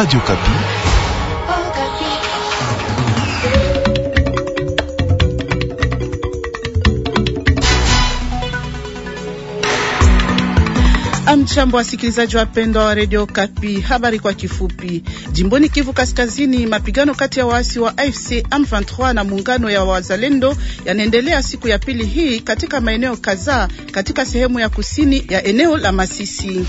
Radio Kapi. Amchambo, wasikilizaji wapendwa wa redio Kapi, habari kwa kifupi. Jimboni Kivu Kaskazini, mapigano kati ya waasi wa AFC M23 na muungano ya wazalendo yanaendelea siku ya pili hii katika maeneo kadhaa katika sehemu ya kusini ya eneo la Masisi.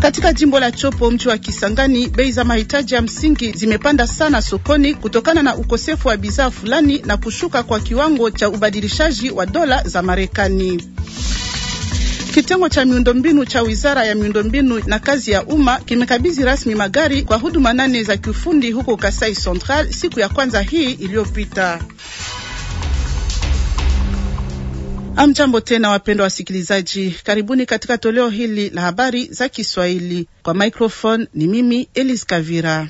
Katika jimbo la Chopo, mji wa Kisangani, bei za mahitaji ya msingi zimepanda sana sokoni kutokana na ukosefu wa bidhaa fulani na kushuka kwa kiwango cha ubadilishaji wa dola za Marekani. Kitengo cha miundombinu cha Wizara ya Miundombinu na Kazi ya Umma kimekabidhi rasmi magari kwa huduma nane za kiufundi huko Kasai Central siku ya kwanza hii iliyopita. Amjambo tena wapendwa wasikilizaji, karibuni katika toleo hili la habari za Kiswahili. Kwa microphone ni mimi Elise Kavira.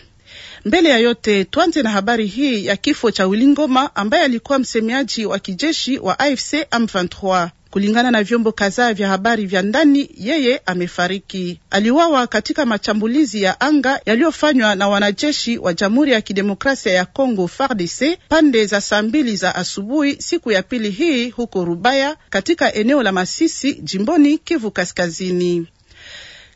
Mbele ya yote, tuanze na habari hii ya kifo cha Wilingoma ambaye alikuwa msemaji wa kijeshi wa AFC M23. Kulingana na vyombo kadhaa vya habari vya ndani, yeye amefariki. Aliuawa katika mashambulizi ya anga yaliyofanywa na wanajeshi wa Jamhuri ya Kidemokrasia ya Kongo FARDC pande za saa mbili za asubuhi siku ya pili hii huko Rubaya katika eneo la Masisi jimboni Kivu Kaskazini.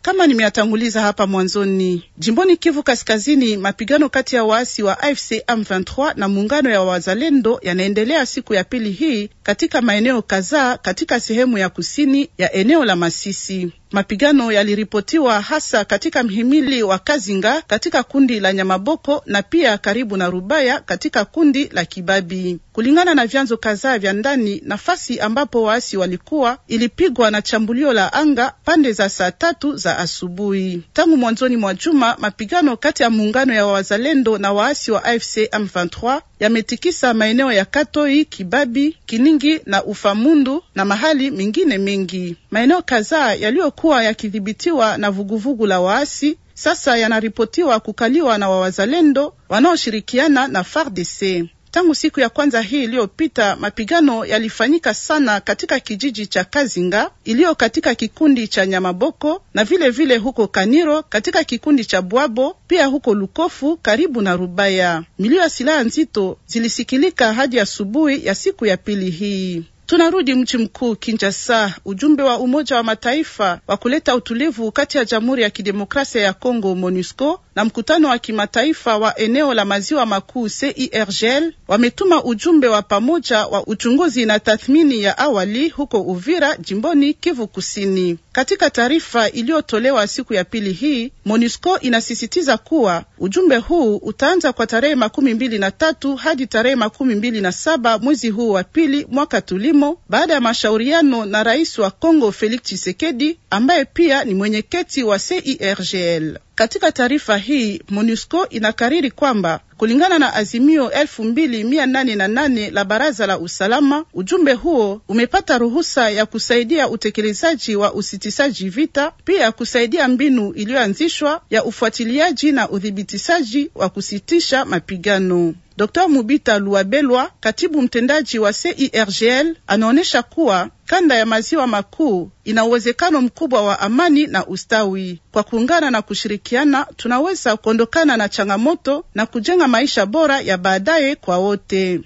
Kama nimeyatanguliza hapa mwanzoni, jimboni Kivu Kaskazini, mapigano kati ya waasi wa AFC M23 na muungano ya wazalendo yanaendelea siku ya pili hii katika maeneo kadhaa katika sehemu ya kusini ya eneo la Masisi. Mapigano yaliripotiwa hasa katika mhimili wa Kazinga katika kundi la Nyamaboko na pia karibu na Rubaya katika kundi la Kibabi. Kulingana na vyanzo kadhaa vya ndani, nafasi ambapo waasi walikuwa ilipigwa na chambulio la anga pande za saa tatu za asubuhi. Tangu mwanzoni mwa juma, mapigano kati ya muungano ya wazalendo na waasi wa AFC M23 yametikisa maeneo ya Katoi, Kibabi, Kiningi na Ufamundu na mahali mengine mengi. Maeneo kadhaa yaliyokuwa yakidhibitiwa na vuguvugu la waasi sasa yanaripotiwa kukaliwa na wawazalendo wanaoshirikiana na FARDC. Tangu siku ya kwanza hii iliyopita, mapigano yalifanyika sana katika kijiji cha Kazinga iliyo katika kikundi cha Nyamaboko na vile vile huko Kaniro katika kikundi cha Bwabo, pia huko Lukofu karibu na Rubaya. Milio ya silaha nzito zilisikilika hadi asubuhi ya, ya siku ya pili hii. Tunarudi mji mkuu Kinshasa. Ujumbe wa Umoja wa Mataifa wa kuleta utulivu kati ya Jamhuri ya Kidemokrasia ya Kongo MONUSCO na mkutano wa kimataifa wa eneo la maziwa makuu CIRGL wametuma ujumbe wa pamoja wa uchunguzi na tathmini ya awali huko Uvira, jimboni Kivu Kusini. Katika taarifa iliyotolewa siku ya pili hii, MONUSCO inasisitiza kuwa ujumbe huu utaanza kwa tarehe makumi mbili na tatu hadi tarehe makumi mbili na saba mwezi huu wa pili mwaka tulivu kilimo baada ya mashauriano na rais wa Kongo Felix Tshisekedi ambaye pia ni mwenyekiti wa CIRGL. Katika taarifa hii MONUSCO inakariri kwamba kulingana na azimio 288 la Baraza la Usalama, ujumbe huo umepata ruhusa ya kusaidia utekelezaji wa usitishaji vita, pia kusaidia mbinu iliyoanzishwa ya ufuatiliaji na uthibitishaji wa kusitisha mapigano. Dr. Mubita Luabelwa, katibu mtendaji wa CIRGL, e anaonyesha kuwa kanda ya maziwa makuu ina uwezekano mkubwa wa amani na ustawi. Kwa kuungana na kushirikiana, tunaweza kuondokana na changamoto na kujenga maisha bora ya baadaye kwa wote.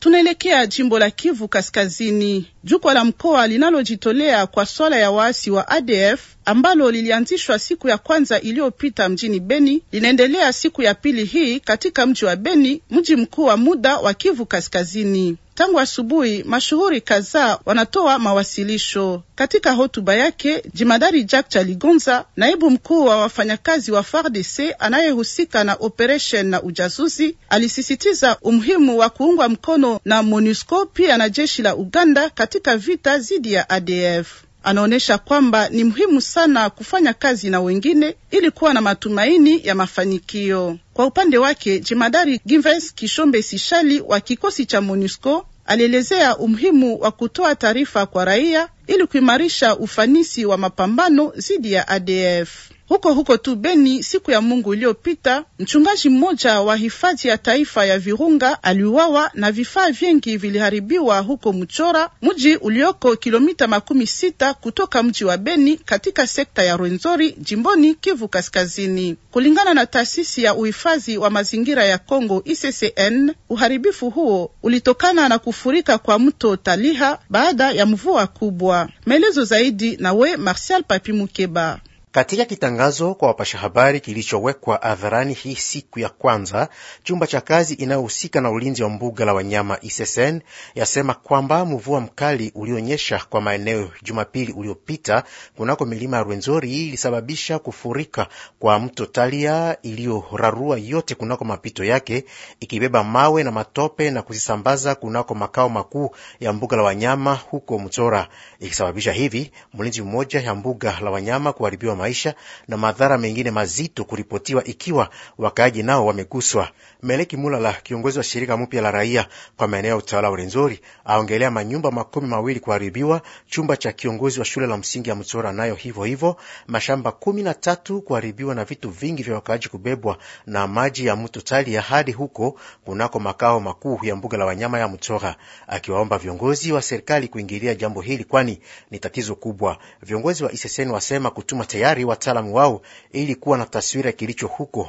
Tunaelekea jimbo la Kivu Kaskazini. jukwa la mkoa linalojitolea kwa swala ya waasi wa ADF ambalo lilianzishwa siku ya kwanza iliyopita mjini Beni linaendelea siku ya pili hii katika mji wa Beni, mji mkuu wa muda wa Kivu Kaskazini. Tangu asubuhi mashuhuri kadhaa wanatoa mawasilisho. Katika hotuba yake, jimadari Jack Chaligonza, naibu mkuu wa wafanyakazi wa FARDC anayehusika na operesheni na ujasusi, alisisitiza umuhimu wa kuungwa mkono na MONUSCO pia na jeshi la Uganda katika vita dhidi ya ADF. Anaonyesha kwamba ni muhimu sana kufanya kazi na wengine ili kuwa na matumaini ya mafanikio. Kwa upande wake jemadari Gives Kishombe Sishali wa kikosi cha MONUSCO alielezea umuhimu wa kutoa taarifa kwa raia ili kuimarisha ufanisi wa mapambano dhidi ya ADF. Huko huko tu Beni, siku ya Mungu iliyopita, mchungaji mmoja wa hifadhi ya taifa ya Virunga aliuawa na vifaa vingi viliharibiwa huko Mchora, mji ulioko kilomita makumi sita kutoka mji wa Beni katika sekta ya Rwenzori jimboni Kivu Kaskazini. Kulingana na taasisi ya uhifadhi wa mazingira ya Kongo ICCN, uharibifu huo ulitokana na kufurika kwa mto Taliha baada ya mvua kubwa. Maelezo zaidi nawe Martial Papi Mukeba. Katika kitangazo kwa wapasha habari kilichowekwa hadharani hii siku ya kwanza, chumba cha kazi inayohusika na ulinzi wa mbuga la wanyama ISSN yasema kwamba mvua mkali ulionyesha kwa maeneo Jumapili uliopita kunako milima ya Rwenzori ilisababisha kufurika kwa mto Talia iliyorarua yote kunako mapito yake, ikibeba mawe na matope na kuzisambaza kunako makao makuu ya mbuga la wanyama huko Mtora, ikisababisha hivi mlinzi mmoja ya mbuga la wanyama kuharibiwa maisha na madhara mengine mazito kuripotiwa ikiwa wakaaji nao wameguswa. Meleki Mulala, kiongozi wa shirika mpya la raia kwa maeneo ya utawala Urenzori, aongelea manyumba makumi mawili kuharibiwa, chumba cha kiongozi wa shule la msingi ya Mtora nayo hivyo hivyo, mashamba kumi na tatu kuharibiwa na vitu vingi vya wakaaji kubebwa na maji ya mto Talia hadi huko kunako makao makuu ya mbuga la wanyama ya Mtora, akiwaomba viongozi wa serikali kuingilia jambo hili, kwani ni tatizo kubwa. Viongozi wa Iseseni wasema kutuma tayari tayari wataalamu wao ili kuwa na taswira kilicho huko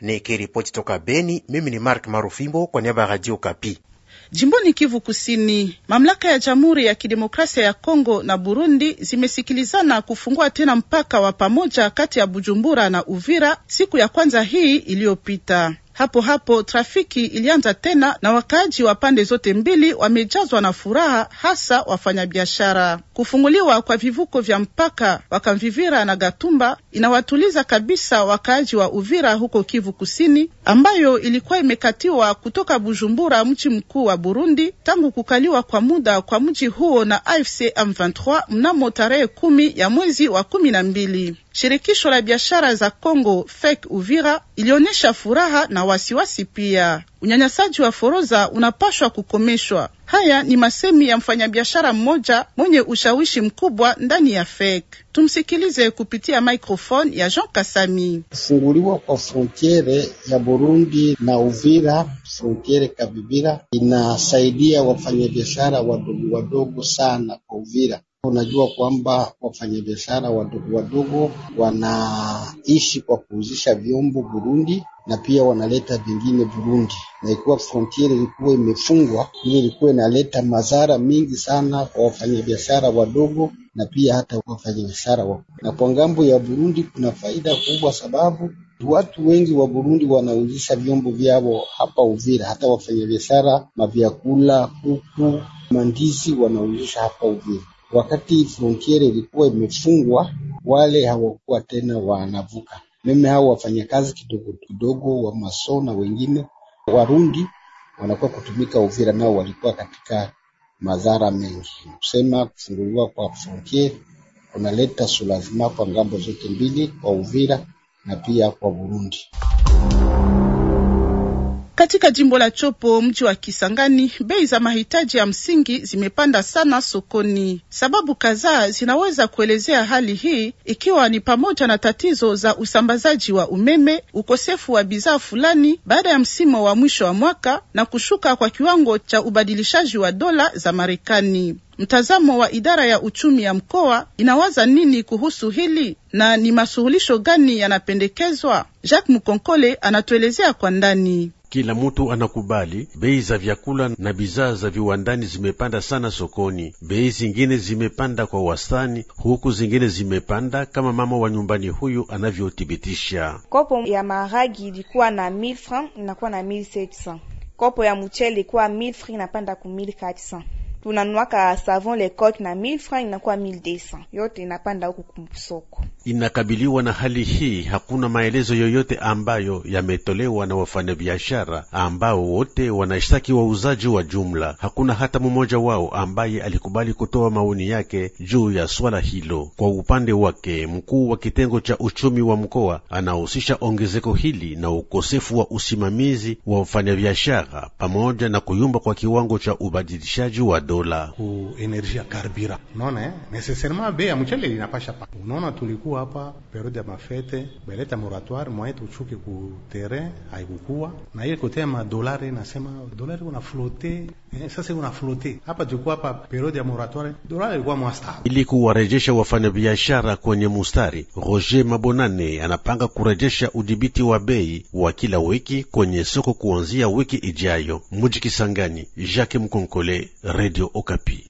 Ni kiripoti toka Beni, mimi ni Mark Marufimbo kwa niaba ya Radio Kapi. Jimboni Kivu Kusini, mamlaka ya Jamhuri ya Kidemokrasia ya Kongo na Burundi zimesikilizana kufungua tena mpaka wa pamoja kati ya Bujumbura na Uvira siku ya kwanza hii iliyopita. Hapo hapo trafiki ilianza tena na wakaaji wa pande zote mbili wamejazwa na furaha, hasa wafanyabiashara. Kufunguliwa kwa vivuko vya mpaka Wakamvivira na Gatumba inawatuliza kabisa wakaaji wa Uvira huko Kivu Kusini, ambayo ilikuwa imekatiwa kutoka Bujumbura, mji mkuu wa Burundi, tangu kukaliwa kwa muda kwa mji huo na AFC M23 mnamo tarehe kumi ya mwezi wa kumi na mbili. Shirikisho la biashara za congo FEC Uvira ilionyesha furaha na wasiwasi pia. Unyanyasaji wa foroza unapashwa kukomeshwa. Haya ni masemi ya mfanyabiashara mmoja mwenye ushawishi mkubwa ndani ya FEC. Tumsikilize kupitia microphone ya Jean Kasami. Kufunguliwa kwa frontiere ya Burundi na Uvira, frontiere Kabibira, inasaidia wafanyabiashara wadogo wadogo sana kwa Uvira Unajua kwamba wafanyabiashara wadogo wadogo wanaishi kwa kuuzisha vyombo Burundi na pia wanaleta vingine Burundi, na ikiwa frontiere ilikuwa imefungwa, hiyo ilikuwa inaleta madhara mingi sana kwa wafanyabiashara wadogo na pia hata wafanyabiashara wa. Na kwa ngambo ya Burundi kuna faida kubwa, sababu watu wengi wa Burundi wanauzisha vyombo vyao hapa Uvira, hata wafanyabiashara mavyakula, kuku, mandizi wanauzisha hapa Uvira. Wakati frontier ilikuwa imefungwa, wale hawakuwa tena wanavuka. Meme hao wafanyakazi kidogo kidogo wa maso na wengine Warundi wanakuwa kutumika Uvira, nao walikuwa katika madhara mengi. Kusema kufunguliwa kwa frontier kunaleta sulazima kwa ngambo zote mbili, kwa Uvira na pia kwa Burundi. Katika jimbo la Chopo, mji wa Kisangani, bei za mahitaji ya msingi zimepanda sana sokoni. Sababu kadhaa zinaweza kuelezea hali hii, ikiwa ni pamoja na tatizo za usambazaji wa umeme, ukosefu wa bidhaa fulani baada ya msimo wa mwisho wa mwaka na kushuka kwa kiwango cha ubadilishaji wa dola za Marekani. Mtazamo wa idara ya uchumi ya mkoa inawaza nini kuhusu hili na ni masuluhisho gani yanapendekezwa? Jacques Mkonkole anatuelezea kwa ndani. Kila mutu anakubali bei za vyakula na bidhaa za viwandani zimepanda sana sokoni. Bei zingine zimepanda kwa wastani, huku zingine zimepanda kama mama wa nyumbani huyu anavyothibitisha. Kopo ya maragi ilikuwa na 1000 francs inakuwa na 1700. Kopo ya mchele ilikuwa 1000 francs inapanda ku 1400 tunanuaka savon le coq na 1000 francs inakuwa 1200, yote inapanda huku kumsoko. Inakabiliwa na hali hii, hakuna maelezo yoyote ambayo yametolewa na wafanyabiashara ambao wote wanashtaki wauzaji wa jumla. Hakuna hata mmoja wao ambaye alikubali kutoa maoni yake juu ya swala hilo. Kwa upande wake, mkuu wa kitengo cha uchumi wa mkoa anahusisha ongezeko hili na ukosefu wa usimamizi wa wafanyabiashara pamoja na kuyumba kwa kiwango cha ubadilishaji wa dola ku energia ya karbira. Unaona eh? Necessairement bei ya mchele inapasha pa. Unaona tulikuwa hapa periode ya mafete, beleta moratoire mwaye tuchuke ku terrain haikukua na ile kote ma dolari nasema dolari una flote eh, sasa una flote hapa tulikuwa hapa periode ya moratoire dolari ilikuwa mwasta. Ili kuwarejesha wafanyabiashara kwenye mustari, Roger Mabonane anapanga kurejesha udhibiti wa bei wa kila wiki kwenye soko kuanzia wiki ijayo. Muji Jacques Mkonkole, Radio Radio Okapi.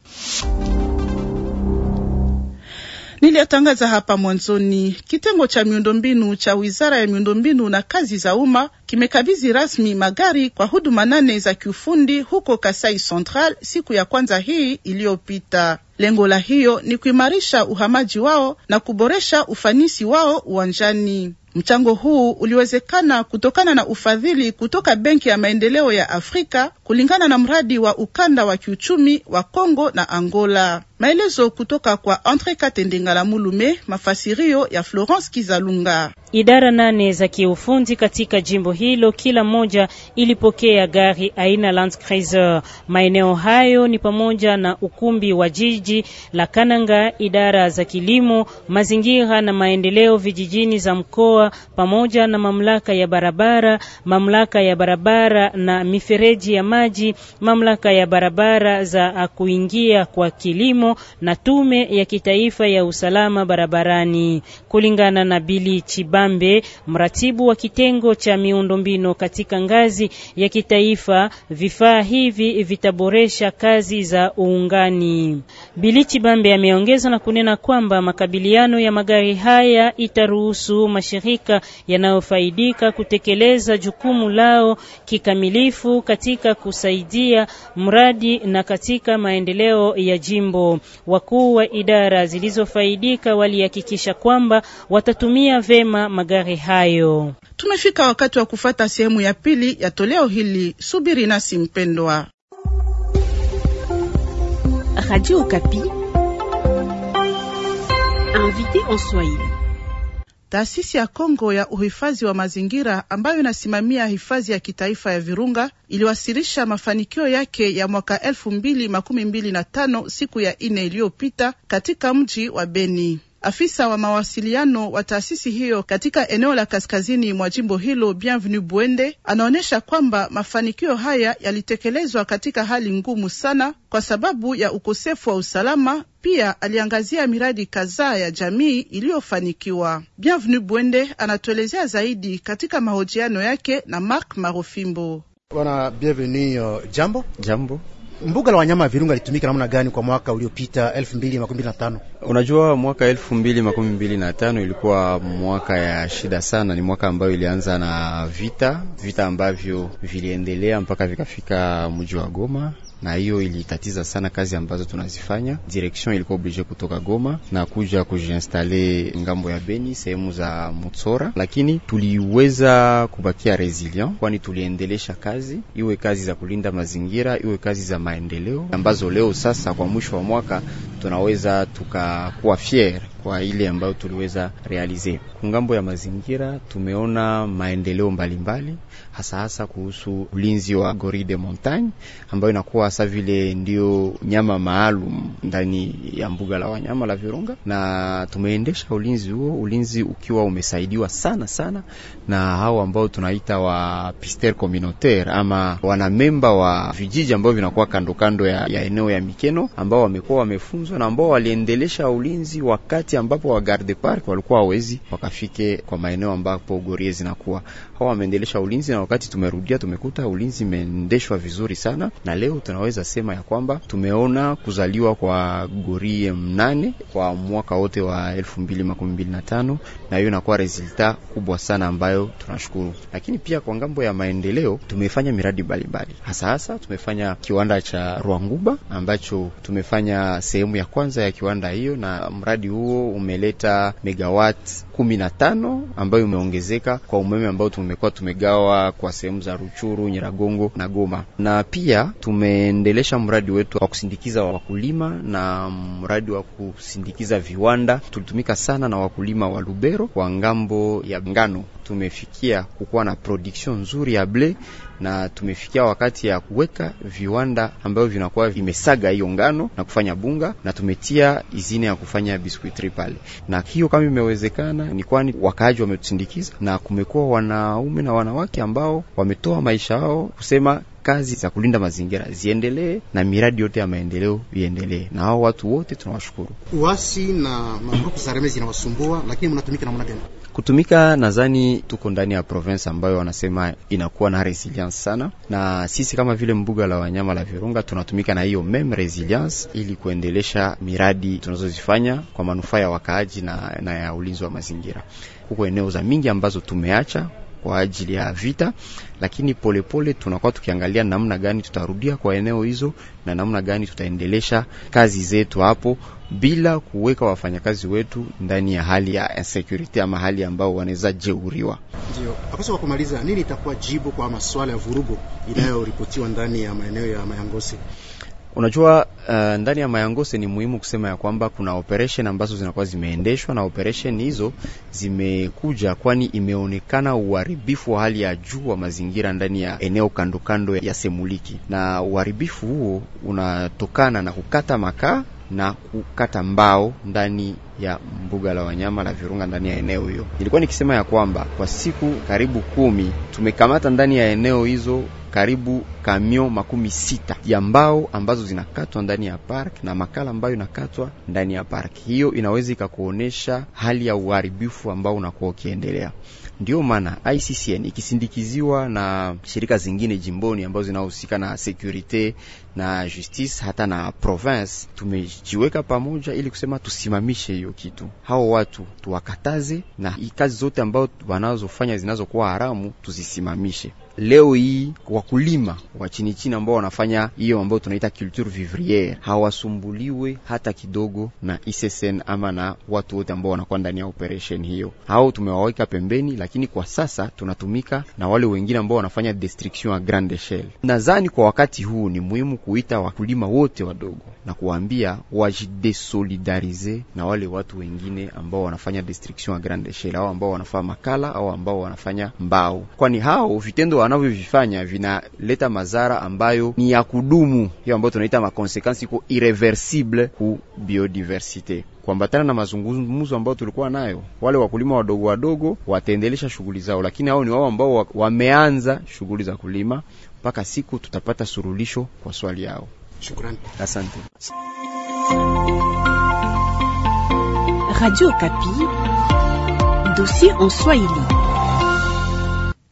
Niliyotangaza hapa mwanzoni, kitengo cha miundombinu cha wizara ya miundombinu na kazi za umma kimekabidhi rasmi magari kwa huduma nane za kiufundi huko Kasai Central siku ya kwanza hii iliyopita. Lengo la hiyo ni kuimarisha uhamaji wao na kuboresha ufanisi wao uwanjani. Mchango huu uliwezekana kutokana na ufadhili kutoka Benki ya Maendeleo ya Afrika kulingana na mradi wa ukanda wa kiuchumi wa Kongo na Angola. Maelezo kutoka kwa Andre Katendengala Mulume, mafasirio ya Florence Kizalunga. Idara nane za kiufundi katika jimbo hilo kila moja ilipokea gari aina Land Cruiser. Maeneo hayo ni pamoja na ukumbi wa jiji la Kananga, idara za kilimo, mazingira na maendeleo vijijini za mkoa pamoja na mamlaka ya barabara, mamlaka ya barabara na mifereji ya maji maji, mamlaka ya barabara za kuingia kwa kilimo na tume ya kitaifa ya usalama barabarani. Kulingana na Bili Chibambe, mratibu wa kitengo cha miundombinu katika ngazi ya kitaifa, vifaa hivi vitaboresha kazi za uungani. Bili Chibambe ameongeza na kunena kwamba makabiliano ya magari haya itaruhusu mashirika yanayofaidika kutekeleza jukumu lao kikamilifu katika ku kusaidia mradi na katika maendeleo ya jimbo. Wakuu wa idara zilizofaidika walihakikisha kwamba watatumia vema magari hayo. Tumefika wakati wa kufata sehemu ya pili ya toleo hili. Subiri nasi mpendwa. Radio Kapi. Invité en Swahili. Taasisi ya Kongo ya uhifadhi wa mazingira ambayo inasimamia hifadhi ya kitaifa ya Virunga iliwasilisha mafanikio yake ya mwaka elfu mbili makumi mbili na tano siku ya ine iliyopita katika mji wa Beni. Afisa wa mawasiliano wa taasisi hiyo katika eneo la kaskazini mwa jimbo hilo, Bienvenu Bwende, anaonyesha kwamba mafanikio haya yalitekelezwa katika hali ngumu sana kwa sababu ya ukosefu wa usalama. Pia aliangazia miradi kadhaa ya jamii iliyofanikiwa. Bienvenu Bwende anatuelezea zaidi katika mahojiano yake na Mark Marofimbo. Bwana Bienvenu, jambo jambo. Mbuga la wanyama Virunga litumika namna gani kwa mwaka uliopita 2025? Unajua mwaka 2025 ilikuwa mwaka ya shida sana, ni mwaka ambayo ilianza na vita, vita ambavyo viliendelea mpaka vikafika mji wa Goma na hiyo ilitatiza sana kazi ambazo tunazifanya. Direction ilikuwa oblige kutoka Goma na kuja kujiinstale ngambo ya Beni, sehemu za Mutsora, lakini tuliweza kubakia resilient, kwani tuliendelesha kazi, iwe kazi za kulinda mazingira, iwe kazi za maendeleo ambazo leo sasa kwa mwisho wa mwaka tunaweza tukakuwa fier kwa ile ambayo tuliweza realize. Kungambo ya mazingira tumeona maendeleo mbalimbali, hasa hasa kuhusu ulinzi wa gori de montagne ambayo inakuwa hasa vile ndio nyama maalum ndani ya mbuga la wanyama la Virunga, na tumeendesha ulinzi huo, ulinzi ukiwa umesaidiwa sana sana na hao ambao tunaita wa pister communautaire ama wanamemba wa vijiji ambao vinakuwa kando kando ya, ya eneo ya Mikeno ambao wamekuwa wamefunzwa na ambao waliendelesha ulinzi wakati ambapo wa garde park walikuwa hawezi waka afike kwa maeneo ambapo gorie zinakuwa wakawa wameendelesha ulinzi, na wakati tumerudia tumekuta ulinzi imeendeshwa vizuri sana, na leo tunaweza sema ya kwamba tumeona kuzaliwa kwa gorie mnane kwa mwaka wote wa elfu mbili makumi mbili na tano na hiyo inakuwa resulta kubwa sana ambayo tunashukuru. Lakini pia kwa ngambo ya maendeleo tumefanya miradi mbalimbali, hasa hasa tumefanya kiwanda cha Rwanguba ambacho tumefanya sehemu ya kwanza ya kiwanda hiyo, na mradi huo umeleta megawati kumi na tano ambayo umeongezeka kwa umeme ambao tume tumekuwa tumegawa kwa sehemu za Ruchuru, Nyiragongo na Goma, na pia tumeendelesha mradi wetu wa kusindikiza wakulima na mradi wa kusindikiza viwanda. Tulitumika sana na wakulima wa Lubero kwa ngambo ya ngano tumefikia kukuwa na production nzuri ya ble na tumefikia wakati ya kuweka viwanda ambayo vinakuwa vimesaga hiyo ngano na kufanya bunga, na tumetia izini ya kufanya biskuitri pale, na hiyo kama imewezekana ni kwani wakaaji wametusindikiza, na kumekuwa wanaume na wanawake ambao wametoa maisha yao kusema kazi za kulinda mazingira ziendelee na miradi yote ya maendeleo iendelee, na hao watu wote tunawashukuru. Uasi na magrupu za remezi inawasumbua, lakini mnatumika namna gani? kutumika. Nadhani tuko ndani ya province ambayo wanasema inakuwa na resilience sana, na sisi kama vile mbuga la wanyama la Virunga tunatumika na hiyo meme resilience ili kuendelesha miradi tunazozifanya kwa manufaa ya wakaaji na, na ya ulinzi wa mazingira. Huko eneo za mingi ambazo tumeacha kwa ajili ya vita, lakini polepole tunakuwa tukiangalia namna gani tutarudia kwa eneo hizo na namna gani tutaendelesha kazi zetu hapo bila kuweka wafanyakazi wetu ndani ya hali ya insecurity ama hali ambao wanaweza jeuriwa. Ndio akosa. kwa kumaliza, nini itakuwa jibu kwa masuala ya vurugu inayoripotiwa ndani ya maeneo ya Mayangosi? Unajua uh, ndani ya Mayangose ni muhimu kusema ya kwamba kuna operation ambazo zinakuwa zimeendeshwa na operation hizo zimekuja, kwani imeonekana uharibifu wa hali ya juu wa mazingira ndani ya eneo kando kando ya Semuliki, na uharibifu huo unatokana na kukata makaa na kukata mbao ndani ya mbuga la wanyama la Virunga ndani ya eneo hiyo. Nilikuwa nikisema ya kwamba kwa siku karibu kumi tumekamata ndani ya eneo hizo karibu kamio makumi sita ya mbao ambazo zinakatwa ndani ya park na makala ambayo inakatwa ndani ya park. Hiyo inaweza ikakuonyesha hali ya uharibifu ambao unakuwa ukiendelea. ndio maana ICCN ikisindikiziwa na shirika zingine jimboni ambazo zinahusika na securite na justice hata na province, tumejiweka pamoja ili kusema tusimamishe hiyo kitu, hao watu tuwakataze, na kazi zote ambao wanazofanya zinazokuwa haramu tuzisimamishe leo hii wakulima wa chini chini ambao wanafanya hiyo ambayo tunaita culture vivriere hawasumbuliwe hata kidogo na ISSN ama na watu wote ambao wanakuwa ndani ya operation hiyo. Hao tumewaweka pembeni, lakini kwa sasa tunatumika na wale wengine ambao wanafanya destruction a grande echelle. Nadhani kwa wakati huu ni muhimu kuita wakulima wote wadogo na kuwaambia wajidesolidarize na wale watu wengine ambao wanafanya destruction a grande echelle, au ambao wanafanya makala au ambao wanafanya mbao, kwani hao vitendo wanavyovifanya vinaleta mazara ambayo ni ya kudumu, hiyo ambayo tunaita makonsekansi iko irreversible ku biodiversite. Kuambatana na mazungumzo ambayo tulikuwa nayo, wale wakulima wadogo wadogo wataendelesha shughuli zao, lakini hao ni wao ambao wameanza shughuli za kulima. Mpaka siku tutapata surulisho kwa swali yao. Shukrani, asante. Radio Kapi, dossier en Swahili.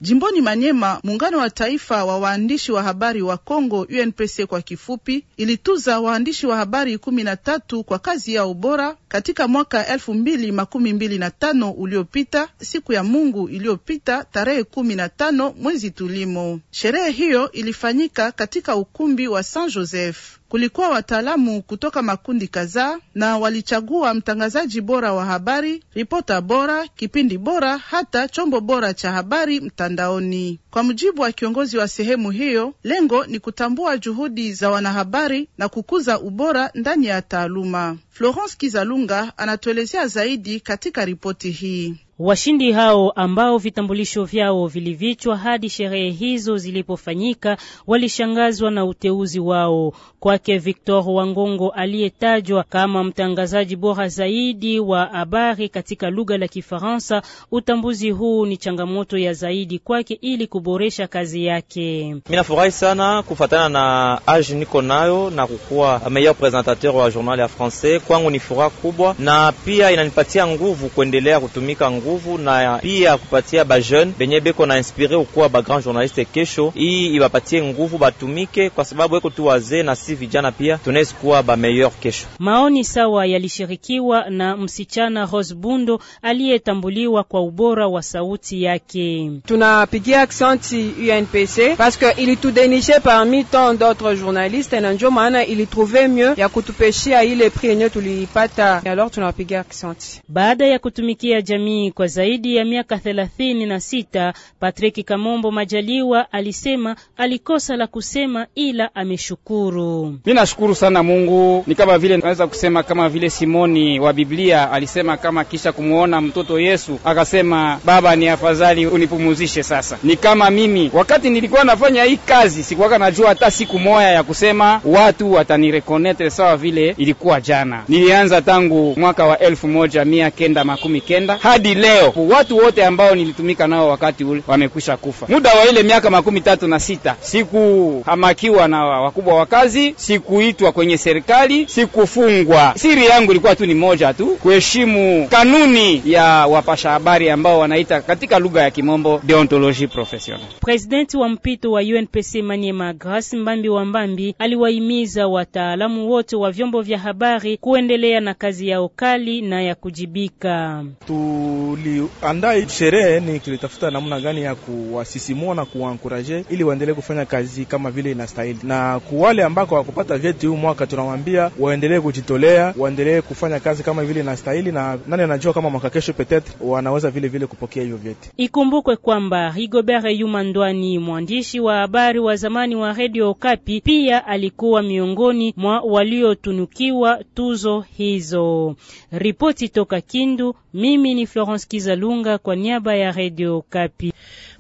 Jimboni Manyema, muungano wa taifa wa waandishi wa habari wa congo UNPC kwa kifupi, ilituza waandishi wa habari kumi na tatu kwa kazi yao bora katika mwaka elfu mbili makumi mbili na tano uliopita, siku ya Mungu iliyopita tarehe kumi na tano mwezi tulimo. Sherehe hiyo ilifanyika katika ukumbi wa San Joseph. Kulikuwa wataalamu kutoka makundi kadhaa na walichagua mtangazaji bora wa habari, ripota bora, kipindi bora, hata chombo bora cha habari mtandaoni. Kwa mujibu wa kiongozi wa sehemu hiyo, lengo ni kutambua juhudi za wanahabari na kukuza ubora ndani ya taaluma. Florence Kizalunga anatuelezea zaidi katika ripoti hii. Washindi hao ambao vitambulisho vyao vilivichwa hadi sherehe hizo zilipofanyika walishangazwa na uteuzi wao. Kwake Victor Wangongo aliyetajwa kama mtangazaji bora zaidi wa habari katika lugha la Kifaransa, utambuzi huu ni changamoto ya zaidi kwake ili kuboresha kazi yake. Minafurahi sana kufatana na age niko nayo na kukuwa meilleur presentateur wa journal ya français kwangu ni furaha kubwa, na pia inanipatia nguvu kuendelea kutumika nguvu, na pia kupatia bajeune benye beko na inspire ukuwa bagrand journaliste kesho, iyi ibapatie nguvu batumike, kwa sababu eko tu wazee na si vijana pia tunaweza kuwa ba meilleur kesho. Maoni sawa yalishirikiwa na msichana Rose Bundo aliyetambuliwa kwa ubora wa sauti yake. Tunapigia aksanti UNPC parce que déniché parmi tant d'autres journalistes, na ndio maana trouvait mieux ya kutupeshia ile prix tuliipata, alors tunawapigia kisanti. Baada ya kutumikia jamii kwa zaidi ya miaka thelathini na sita, Patrick Kamombo Majaliwa alisema alikosa la kusema, ila ameshukuru. Mimi nashukuru sana Mungu, ni kama vile naweza kusema kama vile Simoni wa Biblia alisema kama kisha kumwona mtoto Yesu akasema, Baba, ni afadhali unipumuzishe sasa. Ni kama mimi wakati nilikuwa nafanya hii kazi sikuwaka najua hata siku moya ya kusema watu watanirekonete sawa vile ilikuwa jana, nilianza tangu mwaka wa elfu moja mia kenda makumi kenda hadi leo. Watu wote ambao nilitumika nao wakati ule wamekwisha kufa. Muda wa ile miaka makumi tatu na sita sikuhamakiwa na wakubwa wa kazi, sikuitwa kwenye serikali, sikufungwa. Siri yangu ilikuwa tu ni moja tu, kuheshimu kanuni ya wapasha habari ambao wanaita katika lugha ya kimombo deontologie professionnelle. Presidenti wa mpito wa UNPC Maniema Grace Mbambi wa Mbambi aliwahimiza wataalamu wote wa vyombo vya habari kuendelea na kazi yao kali na ya kujibika. Tuliandaa sherehe ni tulitafuta namna gani ya kuwasisimua na kuwaankuraje ili waendelee kufanya kazi kama vile inastahili, na kuwale wale ambako wakupata vyeti huu mwaka tunawaambia waendelee kujitolea, waendelee kufanya kazi kama vile inastahili, na nani anajua kama mwaka kesho petetre wanaweza vile vile kupokea hivyo vyeti. Ikumbukwe kwamba Rigobert Yuma Ndwani, mwandishi wa habari wa zamani wa redio Okapi, pia alikuwa miongoni mwa waliotunukiwa tuzo tuzo hizo. Ripoti toka Kindu, mimi ni Florence Kizalunga kwa niaba ya Radio Kapi.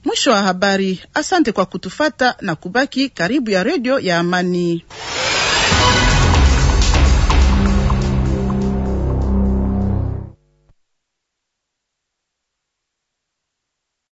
Mwisho wa habari. Asante kwa kutufata na kubaki karibu ya redio ya Amani.